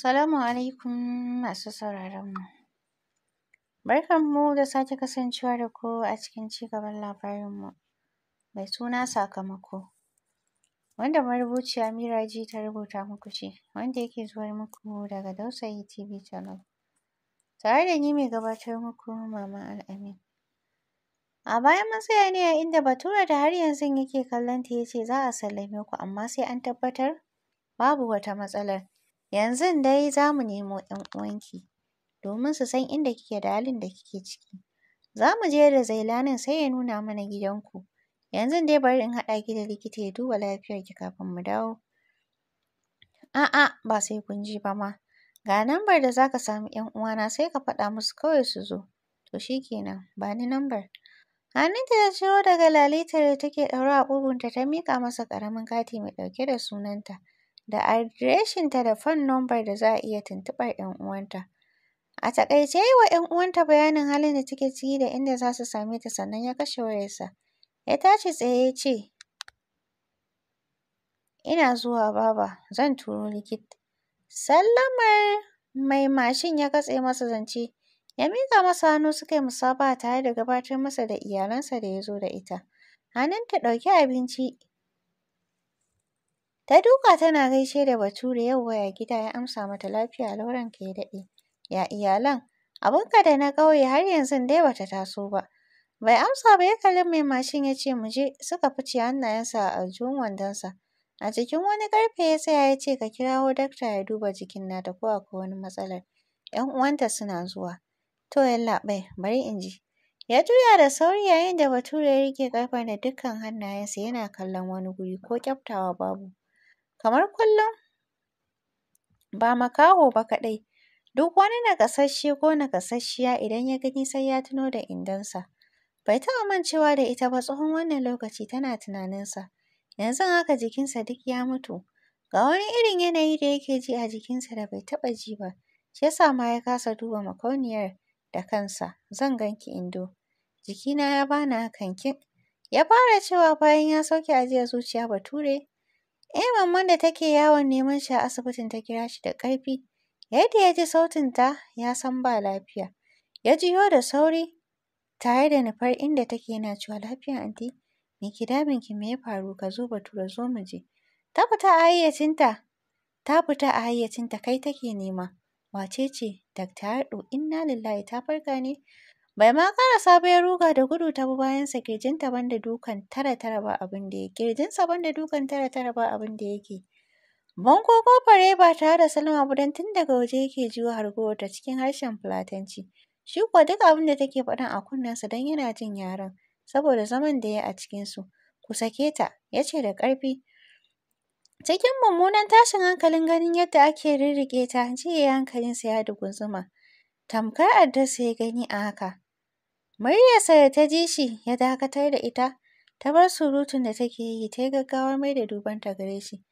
Salamu alaikum masu sauraron mu. Barkan mu da sake kasancewa da ku a cikin cigaban labarin mu mai suna sakamako. Wanda marubuci Amira G ta rubuta muku shi wanda yake zuwar muku daga Dausayi TV Channel. Tare da ni mai gabatar muku Mama Al'amin. A bayan mun tsaya ne a inda Bature da har yanzu yake kallon ta ya ce za a sallame ku amma sai an tabbatar babu wata matsalar. Yanzun dai za mu nemo ‘yan uwanki domin su san inda kike da halin da kike ciki. Za mu je da Zailanin sai ya nuna mana gidanku. Yanzu dai bari in haɗa ki da likita ya duba lafiyarki kafin mu dawo. A'a ba sai kun ji ba ma. Ga lambar da za ka samu ‘yan uwana sai ka faɗa musu kawai su zo. To shi kenan ba ni lambar. Hannunta ta ciro daga lalitar da take ɗaure a ƙugunta ta miƙa masa ƙaramin kati mai ɗauke da sunanta. da adireshinta da phone number da za a iya tuntuɓar 'yan uwanta. A taƙaice yi wa 'yan uwanta bayanin halin da take ciki da inda za su same ta sannan ya kashe wayarsa. Ya tashi tsaye ya ce, ina zuwa baba, zan turo likit. Sallamar mai mashin ya katse masa zance, ya miƙa masa hannu suka yi musabaha tare da gabatar masa da iyalansa da ya zo da ita. Hannunta ɗauke abinci Ta duka tana gaishe da Bature yau waya gida ya amsa mata lafiya lauren ka ya daɗe. Ya iyalan? Abunka da na ƙauye har yanzu dai bata taso ba. Bai amsa ba ya kalli mai mashin ya ce muje suka fice hannayensa a aljihun wandonsa. A jikin wani ƙarfe ya tsaya ya ce ka kirawo dakta ya duba jikin nata ko akwai wani matsalar. ‘Yan uwanta suna zuwa. To yallaɓai bari in ji. Ya juya da sauri yayin da Bature ya riƙe ƙarfen da dukkan hannayensa yana kallon wani guri ko ƙyaftawa babu. Kamar kullum, ba makaho ba kaɗai, duk wani nakasasshe ko nakasasshiya idan ya gani sai ya tuno da indansa. Bai taɓa mancewa da ita ba tsawon wannan lokaci tana tunaninsa. Yanzu haka jikinsa duk ya mutu. Ga wani irin yanayi da yake ji a jikinsa da bai taɓa ji ba, shi yasa ma ya kasa duba makauniyar da kansa. Zan ganki Indo, jikina ya bani hakan kin. Ya fara cewa bayan ya sauke ajiyar zuciya Bature Eh mamman da take yawon neman shi a asibitin ta kira shi da ƙarfi. Yadda ya ji sautin ta ya san ba lafiya. Ya jiyo da sauri tare da nufar inda take yana cewa lafiya anti me ke ki me ya faru ka zo Bature zo mu je. Ta fita a hayyacinta ta fita a hayyacinta kai take nema wace ce Dakta Haɗu inna lillahi ta farka ne Bai ma ƙara ba ya ruga da gudu ta bi bayansa ƙirjinta banda dukan tara-tara ba abin da yake. Ƙirjinsa banda dukan tara-tara ba abin da yake. Bango ƙofar ya ba tare da Salma ba don tun daga waje yake jiwo ta cikin harshen Fulatanci. Shi kuwa duk abin da take faɗan a kunnensa don yana jin yaren saboda zaman da ya yi a cikinsu. Ku sake ta, ya da ƙarfi. Cikin mummunan tashin hankalin ganin yadda ake rirriƙe ta, jiya sa ya dugunzuma. tamkar addarsa ya gani a haka. Muryarsa da ta ji shi ya dakatar da ita, ta bar surutun da take yi ta yi gaggawar mai da duban ta gare shi.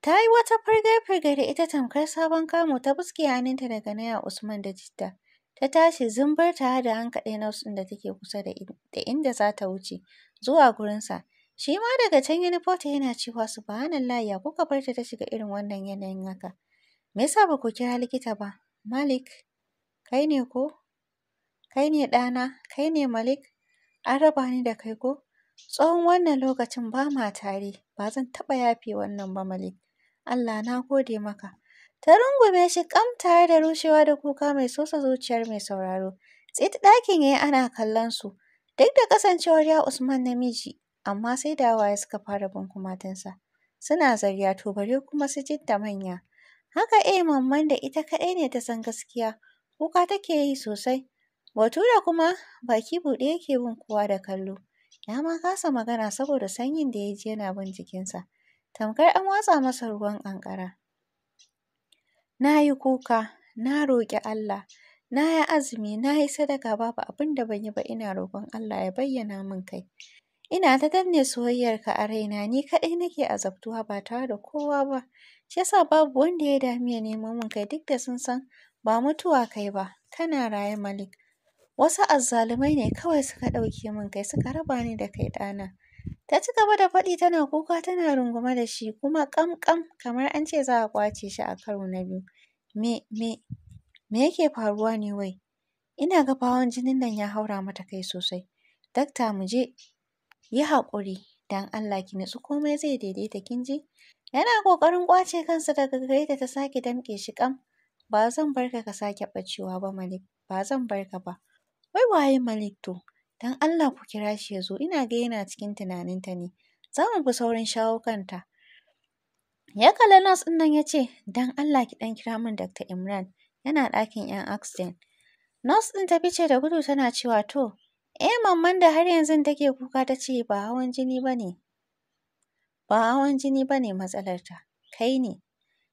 Ta yi wata firge-firge da ita tamkar sabon kamu ta buske hannunta daga naya Usman da Jitta. Ta tashi zumbar ta da hankaɗe na wasu da take kusa da inda za ta wuce zuwa gurinsa. Shi ma daga can ya nufo ta yana cewa subhanallah ya kuka bar ta ta shiga irin wannan yanayin haka. Me yasa ba ku kira likita ba? Malik. Kai ne ko? Kai ne ɗana? Kai ne Malik? An raba ni da kai ko? Tsawon wannan lokacin ba ma tare, ba zan taɓa yafe wannan ba Malik. Allah na gode maka. Ta rungume shi ƙam tare da rushewa da kuka mai sosa zuciyar mai sauraro. Tsit ɗakin yi ana kallon su. Duk da kasancewar ya Usman namiji, amma sai da waye suka fara bin kumatunsa. Suna zarya to bare kuma su jidda manya. Haka eh mamman da ita kaɗai ne ta san gaskiya. Kuka take yi sosai. da kuma baki buɗe yake bin kowa da kallo. Ya ma kasa magana saboda sanyin da ya ji yana bin jikinsa. Tamkar an watsa masa ruwan ƙanƙara. Na yi kuka, na roƙi Allah, na yi azumi, na yi sadaka babu abin da ban yi ba ina roƙon Allah ya bayyana min kai. Ina ta danne soyayyarka a raina ni kaɗai nake azabtuwa ba tare da kowa ba. Shi ya babu wanda ya damu ya nemo min kai duk da sun san Ba mutuwa kai ba, kana raye Malik. Wasu azzalumai ne kawai suka ɗauke min kai suka raba ni da kai ɗana. Ta ci gaba da faɗi tana kuka tana rungume da shi kuma ƙamƙam kamar an ce za a ƙwace shi a karo na biyu. Me, me, me yake faruwa ne wai? Ina ga bawon jinin nan ya haura mata kai sosai. Dakta mu je, yi haƙuri dan Allah ki nutsu komai zai daidaita kin ji? Yana ƙoƙarin ƙwace kansa daga gaida ta ta sake damƙe shi ƙam. Ba zan bar ka ka sake ɓacewa ba Malik, ba zan bar ka ba. Wai waye Malik to? Don Allah ku kira shi ya zo, ina ga yana cikin tunaninta ne. Za mu fi saurin shawo kanta. Ya kalli nas ɗin nan ya ce, don Allah ki ɗan kira min Dr. Imran, yana ɗakin 'yan accident. Nas ɗin ta fice da gudu tana cewa to, eh mamman da har yanzu take kuka ta ce ba hawan jini ba ne. Ba hawan jini ba ne matsalarta, kai ne.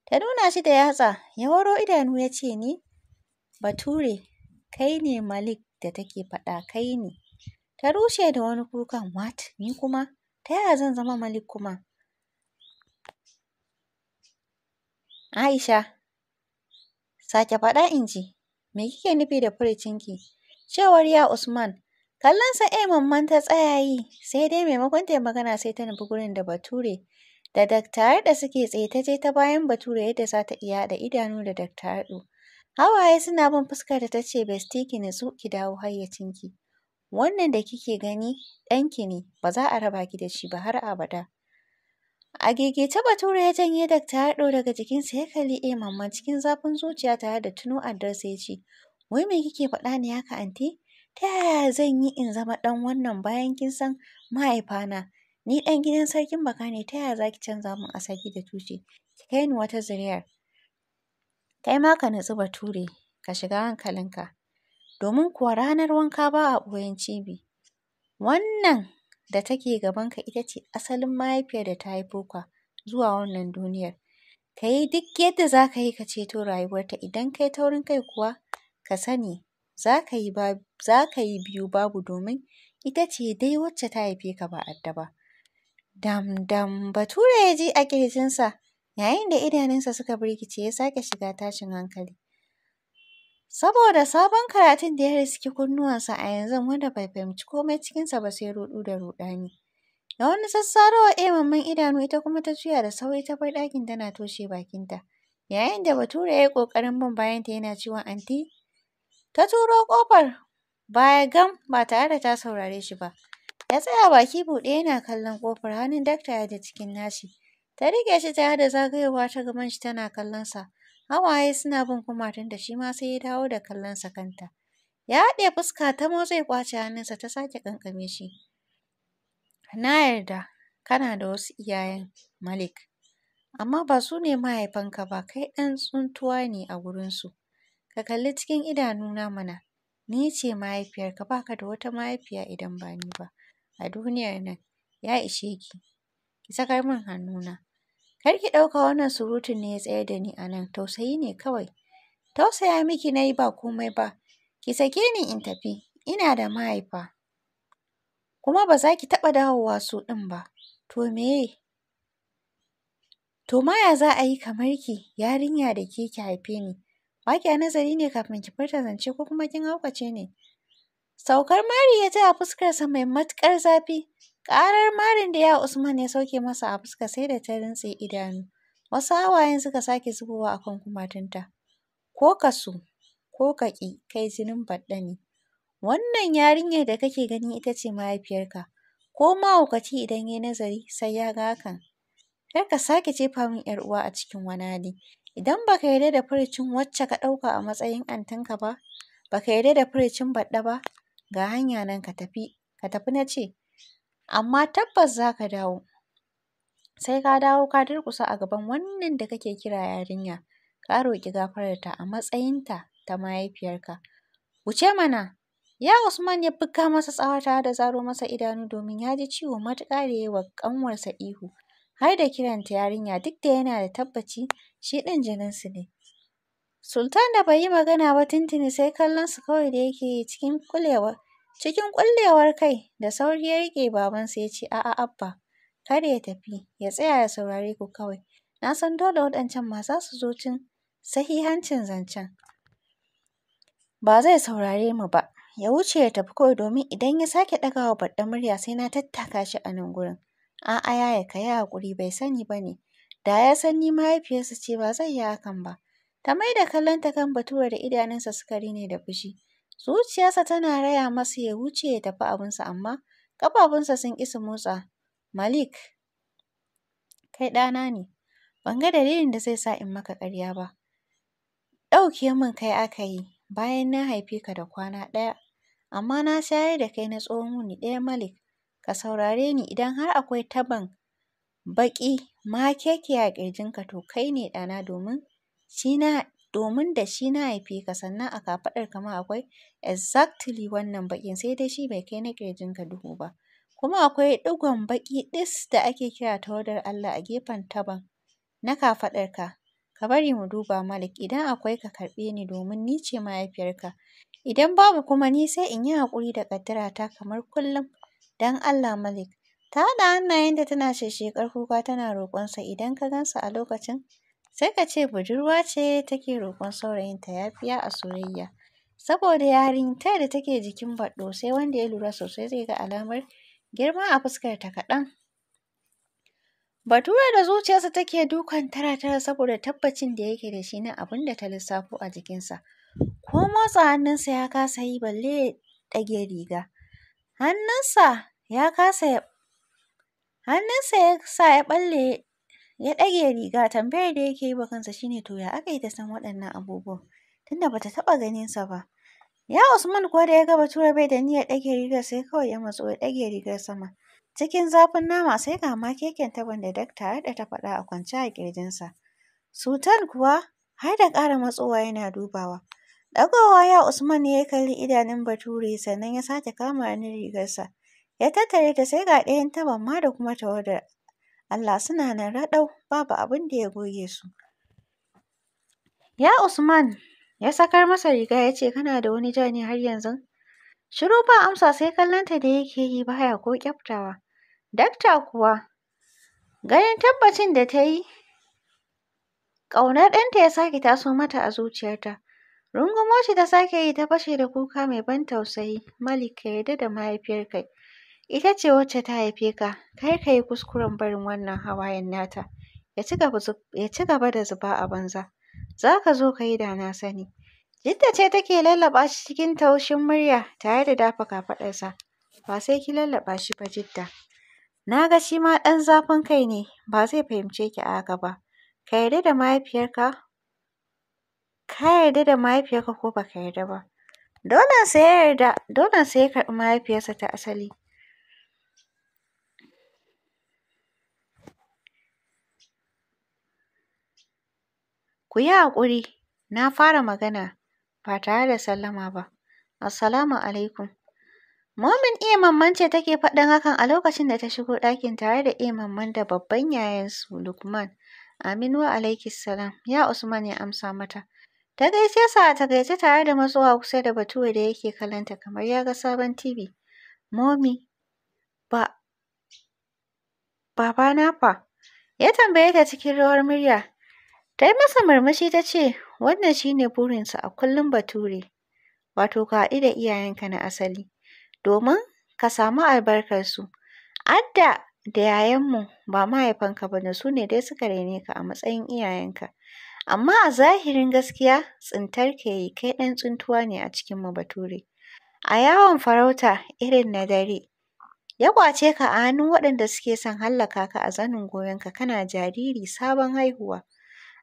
Ta nuna shi da yatsa, ya waro idanu ya ce ni? Bature, kai ne Malik da take faɗa kai ne. Ta rushe da wani kukan Wat? ni kuma? Ta yaya zan zama Malik kuma? Aisha, sake faɗa in ji, me kike nufi da furicinki? Cewar ya Usman, kallonsa eh mamman ta tsaya yi, sai dai maimakon ta yi magana sai ta nufi gurin da Bature da daktar da suke tsaye ta je ta bayan Bature yadda za ta iya da idanu da daktar Haɗu. Hawaye suna bin fuskar da ta ce besti ki nutsu ki dawo hayyacinki. Wannan da kike gani ɗanki ne ba za a raba ki da shi ba har abada. A gegece Bature ya janye daktar Haɗu daga jikinsa ya kalli e mamman cikin zafin zuciya tare da tuno addarsa ya ce wai me kike faɗa ni haka anti? Ta yaya zan yi in zama ɗan wannan bayan kin san mahaifana Ni ɗan gidan sarkin baka ne ta yaya zaki canza min asali da tushe? Ki kai ni wata zuriyar. Kai ma ka nutsu Bature, ka shiga hankalinka. Domin kuwa ranar wanka ba a ɓoyen cibi. Wannan da take gabanka ita ce asalin mahaifiyar da ta haifo ka zuwa wannan duniyar. Ka yi duk yadda za ka yi ka ceto rayuwarta idan kai taurin kai kuwa ka sani za ka yi biyu babu domin ita ce dai wacce ta haife ka ba adda ba. Damdam Bature ya ji a kirjinsa yayin da idanunsa suka birkice ya sake shiga tashin hankali. Saboda sabon karatun da ya riski kunnuwansa a yanzu wanda bai fahimci komai cikinsa ba sai ruɗu da ruɗani. Da wani ɗaya mamman idanu ita kuma ta juya da sauri ta bar ɗakin tana toshe bakinta. Yayin da Bature ya yi ƙoƙarin bin bayanta yana cewa anti ta turo ƙofar baya gam ba tare da ta saurare shi ba. Ya tsaya baki buɗe yana kallon ƙofar hannun dakta ya da cikin nashi. Ta riƙe shi ta da zagayowa ta gaban shi tana kallon sa Hawaye suna bin kumatun da shi ma sai ya dawo da kallon sa kanta. Ya haɗe fuska ta mo zai ƙwace hannunsa ta sake ƙanƙame shi. Na yarda kana da wasu iyayen Malik, amma ba su ne mahaifanka ba kai ɗan tsuntuwa ne a gurinsu. Ka kalli cikin idanuna mana, ni ce mahaifiyarka ba ka da wata mahaifiya idan ba ni ba. a duniyar nan ya ishe ki. Ki sakar min hannuna. Kar ki ɗauka wannan surutun ne ya tsayar da ni anan nan, tausayi ne kawai. Tausaya miki na yi ba komai ba. Ki sake ni in tafi, ina da mahaifa. Kuma ba za ki taɓa dawowa su ɗin ba. To meye? To ma ya za a yi kamar ki yarinya da ke ki haife ni? Ba kya nazari ne kafin ki furta zance ko kuma kin haukace ne? Saukar mari ya ji a fuskarsa mai matuƙar zafi. Ƙarar marin da ya Usman ya sauke masa a fuska sai da ta rintse idanu. Wasu hawayen suka sake zubowa a kan kumatunta. Ko ka so, ko ka ƙi, kai jinin baɗɗa ne. Wannan yarinyar da kake gani ita ce mahaifiyarka. Ko mahaukaci idan ya nazari sai ya ga hakan. Kar ka sake jefa min ‘yar uwa a cikin wani hali. Idan ba ka yarda da furucin wacce ka ɗauka a matsayin antanka ba, ba ka yarda da furucin baɗɗa ba, ga hanya nan ka tafi ka tafi na ce amma tabbas za ka dawo sai ka dawo ka durƙusa a gaban wannan da kake kira yarinya ka roƙi gafararta a matsayinta ta mahaifiyarka wuce mana ya Usman ya buga masa tsawata da zaro masa idanu domin ya ji ciwo matuƙa da yi wa ƙanwarsa ihu har da kiranta yarinya duk da yana da tabbaci shi ɗin jininsu ne Sultan da bai yi magana ba tuntuni sai kallon su kawai da yake yi cikin ƙulewar cikin ƙullewar kai da sauri ya riƙe babansa ya ce a'a Abba kar ya tafi ya tsaya ya saurare ku kawai na san dole waɗancan ma za su zo cin sahihancin zancen ba zai saurare mu ba ya wuce ya tafi kawai domin idan ya sake ɗaga wa barɗa murya sai na tattaka shi a nan gurin a'a yaya ka yi haƙuri bai sani ba ne da ya san ni mahaifiyarsa ce ba zai yi hakan ba Ta maida kallonta kan batura da idanunsa suka rine da fushi. Zuciyarsa tana raya masa ya wuce ya tafi abinsa amma ƙafafunsa sun ƙi su motsa. Malik, kai ɗana ne, ban ga dalilin da zai sa in maka ƙarya ba. Ɗauke min kai aka yi bayan na haife ka da kwana ɗaya, amma na shayar da kai na tsawon wuni ɗaya Malik. Ka saurare ni idan har akwai taban baƙi makekiya a ƙirjinka to kai ne ɗana domin shi domin da shi na haife ka sannan a kafaɗar ka ma akwai exactly wannan baƙin sai dai shi bai kai na ƙirjin ka duhu ba. Kuma akwai ɗigon baƙi ɗis da ake kira tawadar Allah a gefen taban na kafaɗar Ka ka bari mu duba Malik idan akwai ka karɓe ni domin ni ce mahaifiyarka. Idan babu kuma ni sai in yi haƙuri da ƙaddarata kamar kullum. Don Allah Malik, ta haɗa hannayenta tana sheshekar kuka tana roƙonsa idan ka gansa a lokacin Sai ka ce budurwa ce take roƙon saurayinta yafiya a soyayya. Saboda yarinta da take jikin baɗo sai wanda ya lura sosai zai ga alamar girma a fuskarta kaɗan. Bature da zuciyarsa take dukan tara-tara saboda tabbacin da yake da shi na abin da ta lissafo a jikinsa. Ko motsa hannunsa ya kasa yi balle ya ɗage riga. Hannunsa ya kasa ya Hannunsa ya sa ya ɓalle ya ɗage riga tambayar da yake yi wa kansa shine to ya aka yi ta san waɗannan abubuwan tunda bata taɓa ganin sa ba ya Usman kuwa da ya ga Bature bai da niyyar ɗage rigar sai kawai ya matso ya ɗage rigar sama cikin zafin nama sai ga ma keken tabon da dakta da ta faɗa a kwance a ƙirjinsa Sutan kuwa har da ƙara matsowa yana dubawa ɗagowa ya Usman ne ya kalli idanun Bature sannan ya sake kama ranin rigarsa ya tattare ta sai ga ɗayan tabon ma da kuma tawadar Allah suna nan raɗau babu abin da ya goge su. Ya Usman ya sakar masa riga ya ce kana da wani ja ne har yanzu? Shiru ba amsa sai kallonta da yake yi baya ko kyaftawa. Dakta kuwa ganin tabbacin da ta yi ƙaunar ɗanta ya sake taso mata a zuciyarta. Rungumo ta sake yi ta fashe da kuka mai ban tausayi. Malik ka yarda da mahaifiyar kai. Ita ce wacce ta haife ka, kar ka yi kuskuren barin wannan hawayen nata ya ci gaba da zuba a banza. Za ka zo ka yi da na sani. Jidda ce take lallaɓa shi cikin taushin murya tare da dafa kafaɗarsa. Ba sai ki lallaɓa shi ba Jidda. Na ga shi ma ɗan zafin kai ne, ba zai fahimce ki a haka ba. Ka yarda da mahaifiyarka, ka yarda da mahaifiyarka ko ba ka yarda ba. Dolensa ya yarda, ya karɓi mahaifiyarsa ta asali. Ku yi haƙuri, na fara magana ba tare da sallama ba. Assalamu alaikum. Momin iya e mamman ce take faɗin hakan a lokacin da ta shigo ɗakin tare da iya e mamman da babban yayansu Lukman. Aminu alaikis salam. Ya Usman ya amsa mata. Ta gaishe sa ta gaishe tare da matsowa kusa da Bature da yake kalanta kamar ya ga sabon TV. Momi ba Baba fa? Ya tambaye ta cikin rawar murya. Ta yi masa murmushi ta ce, wannan shi ne burinsa a kullum Bature, wato ka haɗu da iyayenka na asali, domin ka samu albarkarsu. Adda da yayanmu ba mahaifanka ba ne, su ne dai suka rene ka a matsayin iyayenka. Amma a zahirin gaskiya, tsintar ka yi, kai ɗan tsintuwa ne a cikinmu Bature. A yawon farauta irin na dare, ya kwace ka a hannun waɗanda suke son hallaka ka a zanin goyonka kana jariri sabon haihuwa.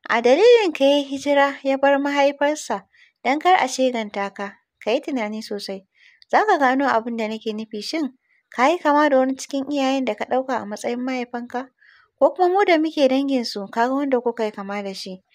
A dalilin ka yi hijira ya bar mahaifarsa don kar a sheganta ka. Ka yi tunani sosai. Za ka gano abin da nake nufi shin ka yi kama da wani cikin iyayen da ka ɗauka a matsayin mahaifanka? Ko kuma mu da muke danginsu ka ga wanda kuka yi kama da shi.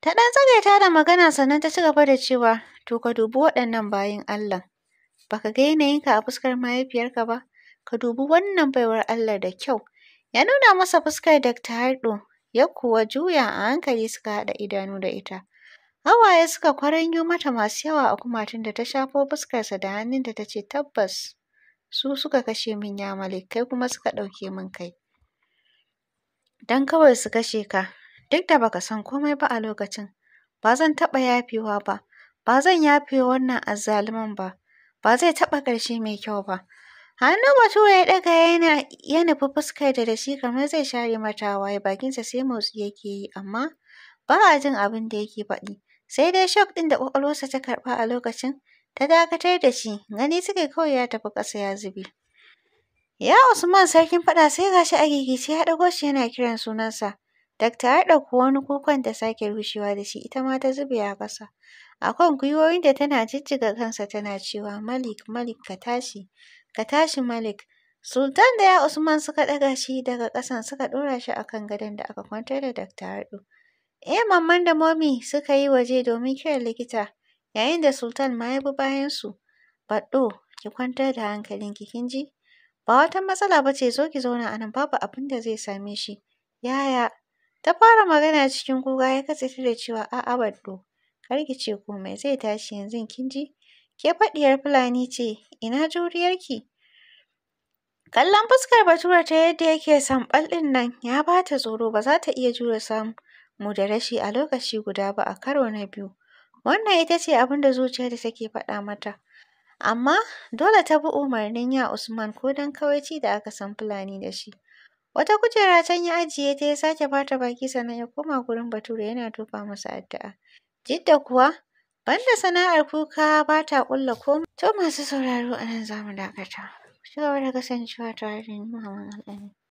Ta ɗan ta da magana sannan ta ci gaba da cewa, to ka dubi waɗannan bayin Allah. ka ga yanayinka a fuskar mahaifiyarka ba? Ka dubi wannan baiwar Allah da kyau. Ya nuna masa fuskar Dr. Hardo, ya kuwa juya a hankali suka haɗa idanu da ita. Hawaye suka kwaranyo mata masu yawa a kumatun da ta shafo fuskarsa da hannunta ta ce tabbas su suka kashe min ya malik kai kuma suka ɗauke min kai. Don kawai su kashe ka, duk da baka san komai ba a lokacin ba zan taɓa yafewa ba ba zan yafe wannan azzaluman ba ba zai taɓa ƙarshe mai kyau ba hannu bature ya ɗaga yana ya nufi fuskar da shi kamar zai share mata waye bakinsa sai motsi yake yi amma ba a jin abin da yake faɗi sai dai shock ɗin da ƙwaƙwalwarsa ta karɓa a lokacin ta dakatar da shi gani suke kawai ya tafi ƙasa ya zube ya usman sarkin faɗa sai gashi a gigice ya ɗago shi yana kiran sunansa Dakta ya ɗauki wani kukan ta sake rushewa da shi ita ma ta zube a ƙasa. A kan da tana jijjiga kansa tana cewa Malik, Malik ka tashi, ka tashi Malik. Sultan da ya Usman suka ɗaga shi daga ƙasan suka ɗora shi a kan gadon da aka kwantar da Dakta Haɗu. Eh mamman da momi suka yi waje domin kiran likita yayin da Sultan ma ya bi bayansu. Baɗo ki kwantar da hankalinki kin ji? Ba wata matsala ba ce zo ki zauna a nan babu abin da zai same shi. Yaya Ta fara magana cikin kuka ya katse ta da cewa a'a baddo, kar ki ce komai zai tashi yanzu kin ji. Ke faɗiyar Fulani ce, ina juriyarki? Kallon fuskar Bature ta yadda yake samɓal ɗin nan ya ba ta tsoro ba za ta iya jure samu mu da rashi a lokaci guda ba a karo na biyu. Wannan ita ce abin da zuciyarta take faɗa mata. Amma dole ta bi umarnin ya Usman ko dan kawaici da aka san Fulani da shi. Wata kujera can ya ajiye ta ya sake bata baki sannan ya koma gurin Bature yana tofa masa addu'a. Jidda kuwa banda sana'ar kuka ba ta ƙulla komai. To masu sauraro a nan za mu dakata. Ku ci gaba da kasancewa tare da ni Muhammad Al'amin.